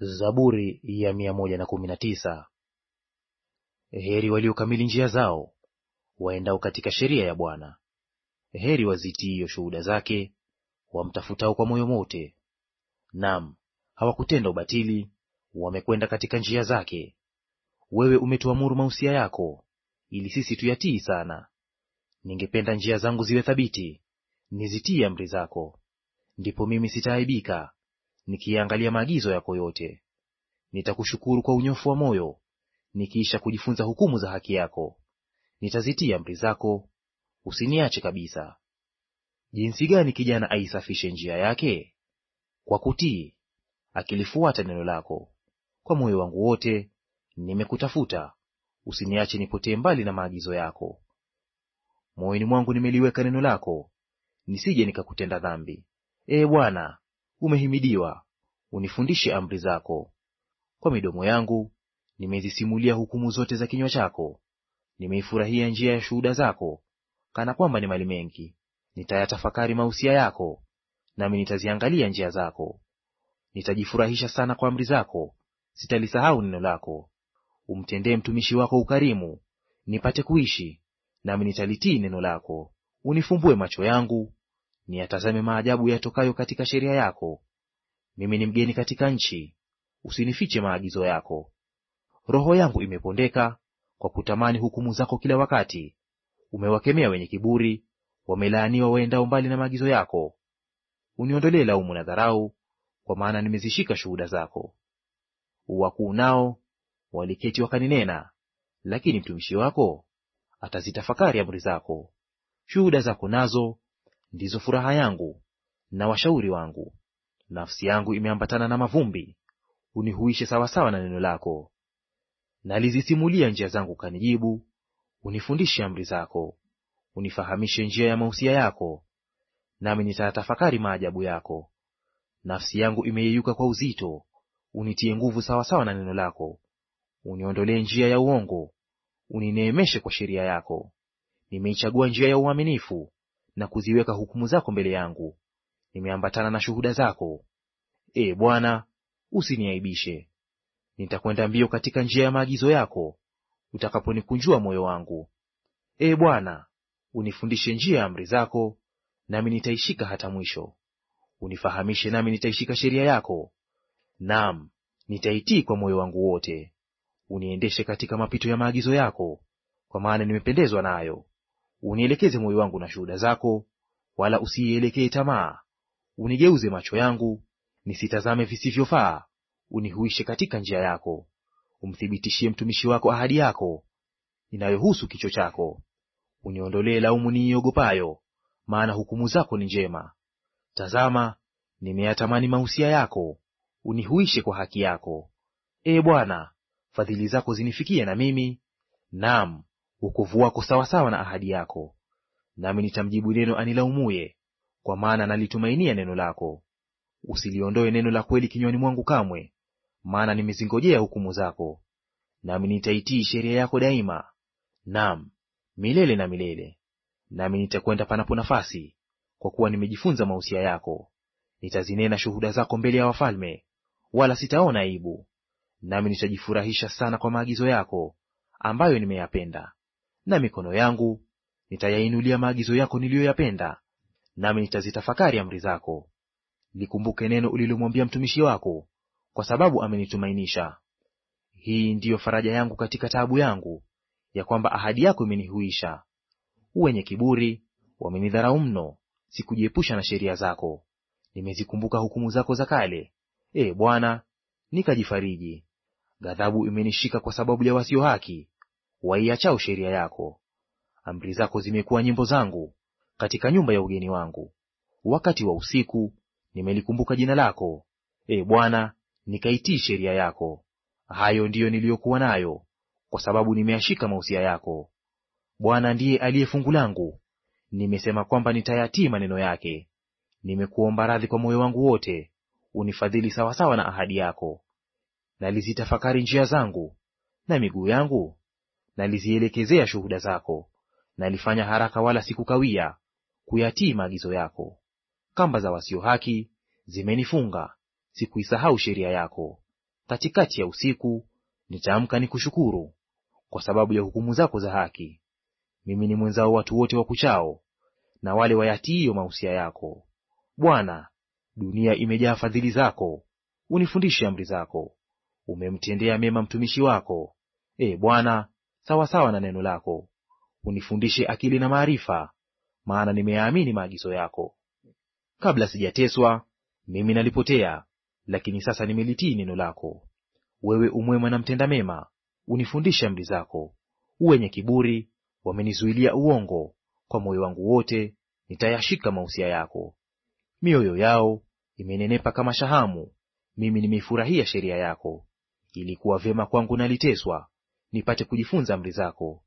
Zaburi ya 119. Heri waliokamili njia zao, waendao katika sheria ya Bwana. Heri wazitiio shuhuda zake, wamtafutao kwa moyo wote. Naam, hawakutenda ubatili, wamekwenda katika njia zake. Wewe umetuamuru mausia yako, ili sisi tuyatii sana. Ningependa njia zangu ziwe thabiti, nizitii amri zako. Ndipo mimi sitaaibika, nikiangalia maagizo yako yote. Nitakushukuru kwa unyofu wa moyo, nikiisha kujifunza hukumu za haki yako. Nitazitia amri zako, usiniache kabisa. Jinsi gani kijana aisafishe njia yake? Kwa kutii, akilifuata neno lako. Kwa moyo wangu wote nimekutafuta, usiniache nipotee mbali na maagizo yako. Moyoni mwangu nimeliweka neno lako, nisije nikakutenda dhambi. Ee Bwana, umehimidiwa. Unifundishe amri zako. Kwa midomo yangu nimezisimulia hukumu zote za kinywa chako. Nimeifurahia njia ya shuhuda zako kana kwamba ni mali mengi. Nitayatafakari mausia yako, nami nitaziangalia njia zako. Nitajifurahisha sana kwa amri zako, sitalisahau neno lako. Umtendee mtumishi wako ukarimu, nipate kuishi, nami nitalitii neno lako. Unifumbue macho yangu niyatazame maajabu yatokayo katika sheria yako. Mimi ni mgeni katika nchi, usinifiche maagizo yako. Roho yangu imepondeka kwa kutamani hukumu zako kila wakati. Umewakemea wenye kiburi, wamelaaniwa waendao mbali na maagizo yako. Uniondolee laumu na dharau, kwa maana nimezishika shuhuda zako. Wakuu nao waliketi wakaninena, lakini mtumishi wako atazitafakari amri zako. Shuhuda zako nazo ndizo furaha yangu na washauri wangu. Nafsi yangu imeambatana na mavumbi, unihuishe sawasawa na neno lako. Nalizisimulia njia zangu, kanijibu Unifundishe amri zako, unifahamishe njia ya mausia yako, nami nitayatafakari maajabu yako. Nafsi yangu imeyeyuka kwa uzito, unitie nguvu sawasawa na neno lako. Uniondolee njia ya uongo, unineemeshe kwa sheria yako. Nimeichagua njia ya uaminifu, na kuziweka hukumu zako mbele yangu. Nimeambatana na shuhuda zako. Ee Bwana, usiniaibishe. Nitakwenda mbio katika njia ya maagizo yako utakaponikunjua moyo wangu. Ee Bwana, unifundishe njia ya amri zako, nami nitaishika hata mwisho. Unifahamishe, nami nitaishika sheria yako; naam, nitaitii kwa moyo wangu wote. Uniendeshe katika mapito ya maagizo yako, kwa maana nimependezwa nayo. Unielekeze moyo wangu na shuhuda zako, wala usiielekee tamaa. Unigeuze macho yangu nisitazame visivyofaa, unihuishe katika njia yako. Umthibitishie mtumishi wako ahadi yako inayohusu kicho chako. Uniondolee laumu niiogopayo, maana hukumu zako ni njema. Tazama, nimeyatamani mausia yako, unihuishe kwa haki yako. Ee Bwana, fadhili zako zinifikie na mimi, naam wokovu wako sawasawa na ahadi yako. Nami nitamjibu neno anilaumuye, kwa maana nalitumainia neno lako. Usiliondoe neno la kweli kinywani mwangu kamwe, maana nimezingojea hukumu zako. Nami nitaitii sheria yako daima, nam milele na milele. Nami nitakwenda panapo nafasi, kwa kuwa nimejifunza mausia yako. Nitazinena shuhuda zako mbele ya wafalme, wala sitaona aibu. Nami nitajifurahisha sana kwa maagizo yako ambayo nimeyapenda na mikono yangu nitayainulia maagizo yako niliyoyapenda, nami nitazitafakari amri zako. Likumbuke neno ulilomwambia mtumishi wako, kwa sababu amenitumainisha. Hii ndiyo faraja yangu katika taabu yangu, ya kwamba ahadi yako imenihuisha. Wenye kiburi wamenidharau mno, sikujiepusha na sheria zako. Nimezikumbuka hukumu zako za kale, e Bwana, nikajifariji. Ghadhabu imenishika kwa sababu ya wasio haki, waiachao sheria yako. Amri zako zimekuwa nyimbo zangu katika nyumba ya ugeni wangu. Wakati wa usiku nimelikumbuka jina lako, e Bwana, nikaitii sheria yako. Hayo ndiyo niliyokuwa nayo, kwa sababu nimeashika mausia yako. Bwana ndiye aliye fungu langu, nimesema kwamba nitayatii maneno yake. Nimekuomba radhi kwa moyo wangu wote, unifadhili sawasawa na ahadi yako. Nalizitafakari njia zangu, na miguu yangu nalizielekezea shuhuda zako. Nalifanya haraka wala sikukawia kuyatii maagizo yako. Kamba za wasio haki zimenifunga, sikuisahau sheria yako. Katikati ya usiku nitaamka nikushukuru kwa sababu ya hukumu zako za haki. Mimi ni mwenzao watu wote wa kuchao na wale wayatiiyo mausia yako. Bwana, dunia imejaa fadhili zako, unifundishe amri zako. Umemtendea mema mtumishi wako, e Bwana, sawasawa na neno lako. Unifundishe akili na maarifa, maana nimeyaamini maagizo yako. Kabla sijateswa mimi nalipotea, lakini sasa nimelitii neno lako. Wewe umwema na mtenda mema, unifundishe amri zako. Wenye kiburi wamenizuilia uongo, kwa moyo wangu wote nitayashika mausia yako. Mioyo yao imenenepa kama shahamu, mimi nimeifurahia sheria yako. Ilikuwa vyema kwangu naliteswa, nipate kujifunza amri zako.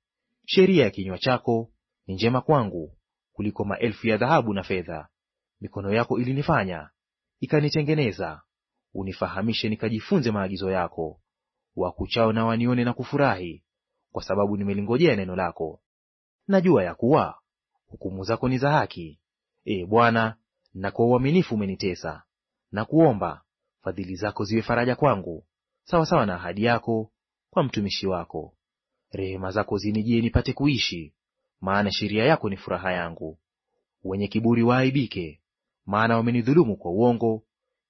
Sheria ya kinywa chako ni njema kwangu kuliko maelfu ya dhahabu na fedha. Mikono yako ilinifanya ikanitengeneza. Unifahamishe nikajifunze maagizo yako. Wakuchao na wanione na kufurahi, kwa sababu nimelingojea neno lako. Najua ya kuwa hukumu zako ni za haki, Ee Bwana, na kwa uaminifu umenitesa. Na kuomba fadhili zako ziwe faraja kwangu, sawasawa na ahadi yako kwa mtumishi wako. Rehema zako zinijie nipate kuishi, maana sheria yako ni furaha yangu. Wenye kiburi waaibike, maana wamenidhulumu kwa uongo.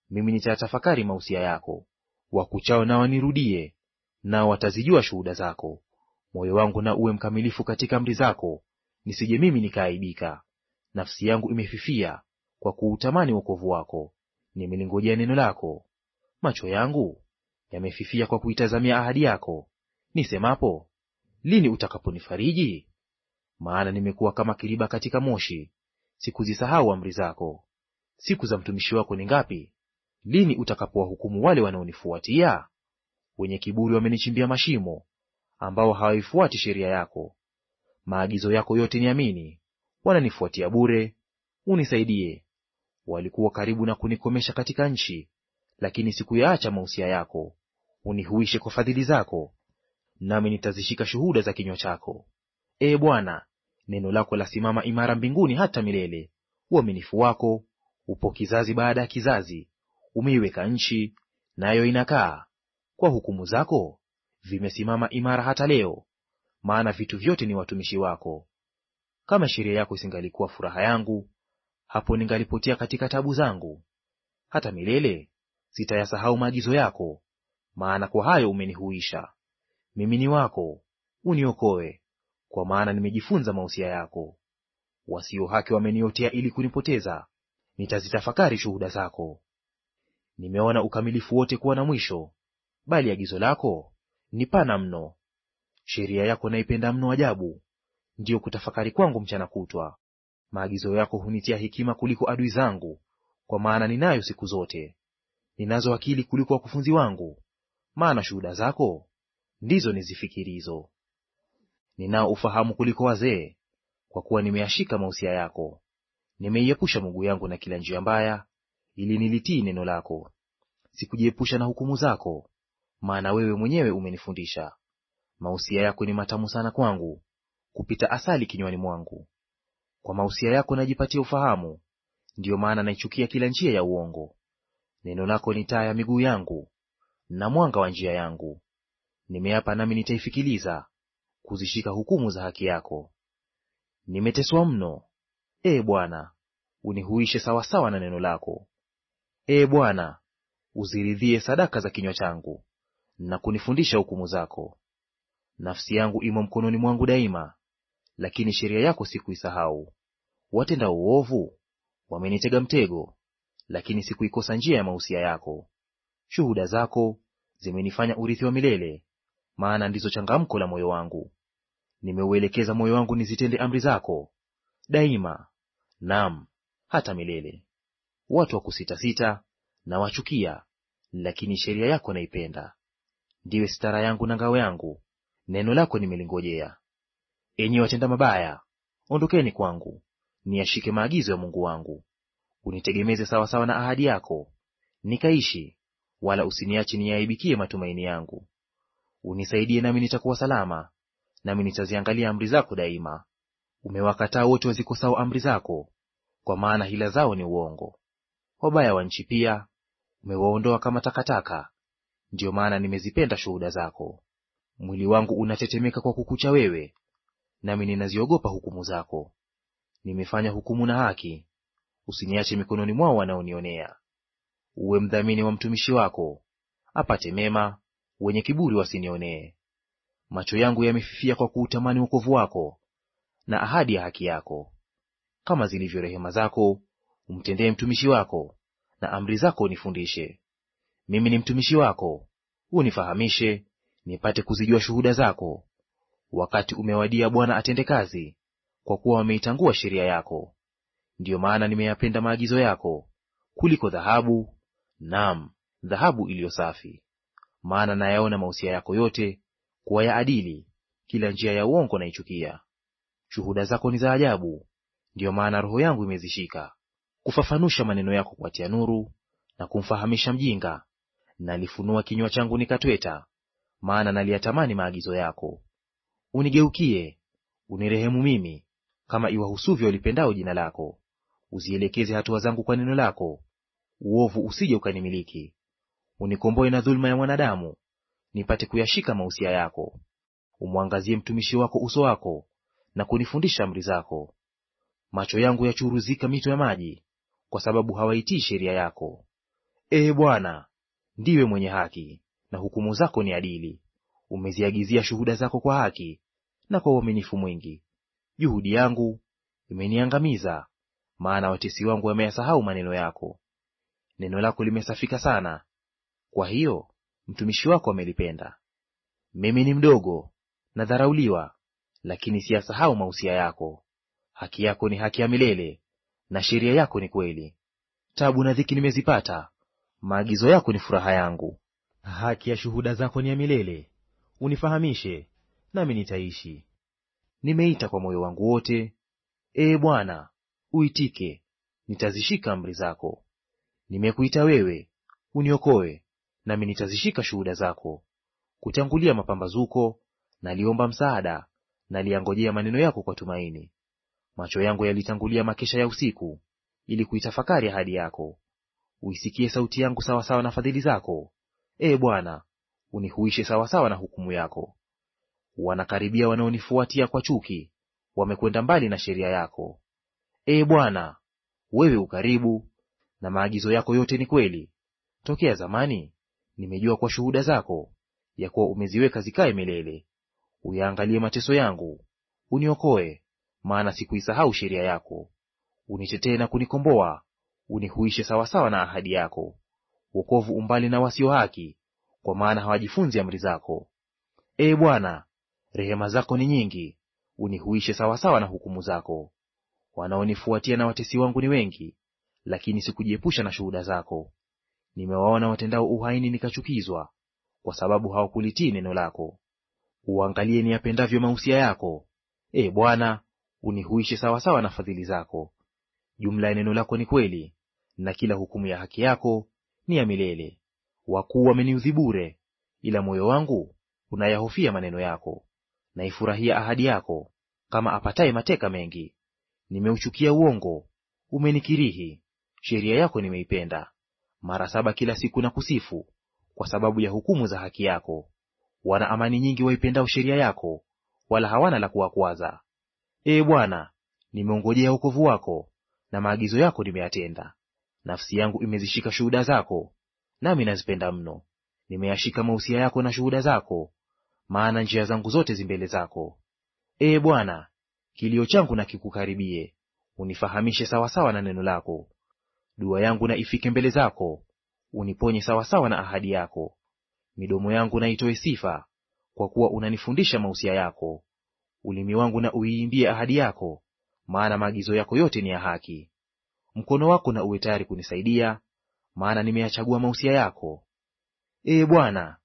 Mimi nitayatafakari mausia yako. Wakuchao na wanirudie, nao watazijua shuhuda zako. Moyo wangu na uwe mkamilifu katika amri zako, nisije mimi nikaaibika. Nafsi yangu imefifia kwa kuutamani wokovu wako, nimelingojea neno lako. Macho yangu yamefifia kwa kuitazamia ahadi yako, nisemapo, lini utakaponifariji? Maana nimekuwa kama kiriba katika moshi, sikuzisahau amri zako. Siku za mtumishi wako ni ngapi? Lini utakapowahukumu wale wanaonifuatia? Wenye kiburi wamenichimbia mashimo, ambao hawaifuati sheria yako. Maagizo yako yote niamini, wananifuatia bure. Unisaidie. Walikuwa karibu na kunikomesha katika nchi, lakini sikuyaacha mausia yako unihuishe kwa fadhili zako, nami nitazishika shuhuda za kinywa chako. e Bwana, neno lako lasimama imara mbinguni hata milele. Uaminifu wako upo kizazi baada ya kizazi. Umeiweka nchi, nayo inakaa; kwa hukumu zako vimesimama imara hata leo, maana vitu vyote ni watumishi wako. Kama sheria yako isingalikuwa furaha yangu, hapo ningalipotea katika tabu zangu. Hata milele sitayasahau maagizo yako, maana kwa hayo umenihuisha. Mimi ni wako, uniokoe, kwa maana nimejifunza mausia yako. Wasio haki wameniotea ili kunipoteza, nitazitafakari shuhuda zako. Nimeona ukamilifu wote kuwa na mwisho, bali agizo lako ni pana mno. Sheria yako naipenda mno ajabu, ndiyo kutafakari kwangu mchana kutwa. Maagizo yako hunitia hekima kuliko adui zangu, kwa maana ninayo siku zote. Ninazo akili kuliko wakufunzi wangu, maana shuhuda zako ndizo nizifikirizo. Ninao ufahamu kuliko wazee, kwa kuwa nimeyashika mausia yako. Nimeiepusha miguu yangu na kila njia mbaya, ili nilitii neno lako. Sikujiepusha na hukumu zako, maana wewe mwenyewe umenifundisha. Mausia yako ni matamu sana kwangu, kupita asali kinywani mwangu. Kwa mausia yako najipatia ufahamu, ndiyo maana naichukia kila njia ya uongo. Neno lako ni taa ya miguu yangu na mwanga wa njia yangu. Nimeapa nami nitaifikiliza, kuzishika hukumu za haki yako. Nimeteswa mno, e Bwana, unihuishe sawasawa na neno lako. e Bwana, uziridhie sadaka za kinywa changu na kunifundisha hukumu zako. Nafsi yangu imo mkononi mwangu daima, lakini sheria yako sikuisahau. Watenda uovu wamenitega mtego, lakini sikuikosa njia ya mausia yako. Shuhuda zako zimenifanya urithi wa milele, maana ndizo changamko la moyo wangu. Nimeuelekeza moyo wangu nizitende amri zako daima, nam hata milele. Watu wa kusitasita na wachukia, lakini sheria yako naipenda. Ndiwe sitara yangu na ngao yangu, neno lako nimelingojea. Enyi watenda mabaya, ondokeni kwangu, niyashike maagizo ya Mungu wangu. Unitegemeze sawasawa na ahadi yako, nikaishi wala usiniache niyaibikie matumaini yangu. Unisaidie nami nitakuwa salama, nami nitaziangalia amri zako daima. Umewakataa wote wazikosao amri zako, kwa maana hila zao ni uongo. Wabaya wa nchi pia umewaondoa kama takataka, ndiyo maana nimezipenda shuhuda zako. Mwili wangu unatetemeka kwa kukucha wewe, nami ninaziogopa hukumu zako. Nimefanya hukumu na haki, usiniache mikononi mwao wanaonionea uwe mdhamini wa mtumishi wako, apate mema, wenye kiburi wasinionee. Macho yangu yamefifia kwa kuutamani wokovu wako, na ahadi ya haki yako. Kama zilivyo rehema zako, umtendee mtumishi wako, na amri zako unifundishe. Mimi ni mtumishi wako, unifahamishe, nipate kuzijua shuhuda zako. Wakati umewadia, Bwana atende kazi, kwa kuwa wameitangua sheria yako. Ndiyo maana nimeyapenda maagizo yako kuliko dhahabu naam, dhahabu iliyo safi. Maana nayaona mausia yako yote kuwa ya adili, kila njia ya uongo naichukia. Shuhuda zako ni za ajabu, ndiyo maana roho yangu imezishika. Kufafanusha maneno yako kwatia nuru na kumfahamisha mjinga. Nalifunua kinywa changu nikatweta, maana naliyatamani maagizo yako. Unigeukie, unirehemu mimi, kama iwahusuvyo walipendao jina lako. Uzielekeze hatua zangu kwa neno lako, uovu usije ukanimiliki. Unikomboe na dhuluma ya mwanadamu, nipate kuyashika mausia yako. Umwangazie mtumishi wako uso wako, na kunifundisha amri zako. Macho yangu yachuruzika mito ya maji, kwa sababu hawaitii sheria yako. Ee Bwana, ndiwe mwenye haki, na hukumu zako ni adili. Umeziagizia shuhuda zako kwa haki na kwa uaminifu mwingi. Juhudi yangu imeniangamiza, maana watesi wangu wameyasahau maneno yako neno lako limesafika sana, kwa hiyo mtumishi wako amelipenda. Mimi ni mdogo, nadharauliwa, lakini siyasahau mausia yako. Haki yako ni haki ya milele, na sheria yako ni kweli. Tabu na dhiki nimezipata, maagizo yako ni furaha yangu. Haki ya shuhuda zako ni ya milele, unifahamishe nami nitaishi. Nimeita kwa moyo wangu wote, Ee Bwana, uitike, nitazishika amri zako. Nimekuita wewe, uniokoe, nami nitazishika shuhuda zako. Kutangulia mapambazuko naliomba msaada, naliyangojea maneno yako kwa tumaini. Macho yangu yalitangulia makesha ya usiku, ili kuitafakari ahadi yako. Uisikie sauti yangu sawasawa na fadhili zako, e Bwana, unihuishe sawasawa na hukumu yako. Wanakaribia wanaonifuatia kwa chuki, wamekwenda mbali na sheria yako. e Bwana, wewe ukaribu na maagizo yako yote ni kweli. Tokea zamani nimejua kwa shuhuda zako ya kuwa umeziweka zikae milele. Uyaangalie mateso yangu, uniokoe, maana sikuisahau sheria yako. Unitetee na kunikomboa, unihuishe sawasawa na ahadi yako. Wokovu umbali na wasio haki, kwa maana hawajifunzi amri zako. Ee Bwana, rehema zako ni nyingi, unihuishe sawasawa na hukumu zako. Wanaonifuatia na watesi wangu ni wengi, lakini sikujiepusha na shuhuda zako. Nimewaona watendao uhaini nikachukizwa, kwa sababu hawakulitii neno lako. Uangalie niyapendavyo mausia yako, e Bwana, unihuishe sawasawa na fadhili zako. Jumla ya neno lako ni kweli, na kila hukumu ya haki yako ni ya milele. Wakuu wameniudhi bure, ila moyo wangu unayahofia maneno yako. Naifurahia ahadi yako kama apataye mateka mengi. Nimeuchukia uongo, umenikirihi Sheria yako nimeipenda; mara saba kila siku na kusifu kwa sababu ya hukumu za haki yako. Wana amani nyingi waipendao sheria yako, wala hawana la kuwakwaza. Ee Bwana, nimeongojea wokovu wako, na maagizo yako nimeyatenda. Nafsi yangu imezishika shuhuda zako, nami nazipenda mno. Nimeyashika mausia yako na shuhuda zako, maana njia zangu zote zimbele zako. Ee Bwana, kilio changu na kikukaribie, unifahamishe sawasawa na neno lako. Dua yangu na ifike mbele zako, uniponye sawasawa na ahadi yako. Midomo yangu na itoe sifa, kwa kuwa unanifundisha mausia yako. Ulimi wangu na uiimbie ahadi yako, maana maagizo yako yote ni ya haki. Mkono wako na uwe tayari kunisaidia, maana nimeyachagua mausia yako. Ee Bwana,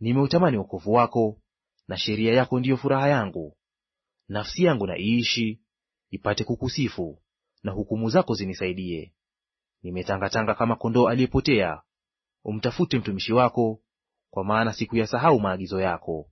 nimeutamani wokovu wako, na sheria yako ndiyo furaha yangu. Nafsi yangu na iishi ipate kukusifu, na hukumu zako zinisaidie nimetangatanga kama kondoo aliyepotea. Umtafute mtumishi wako, kwa maana sikuyasahau maagizo yako.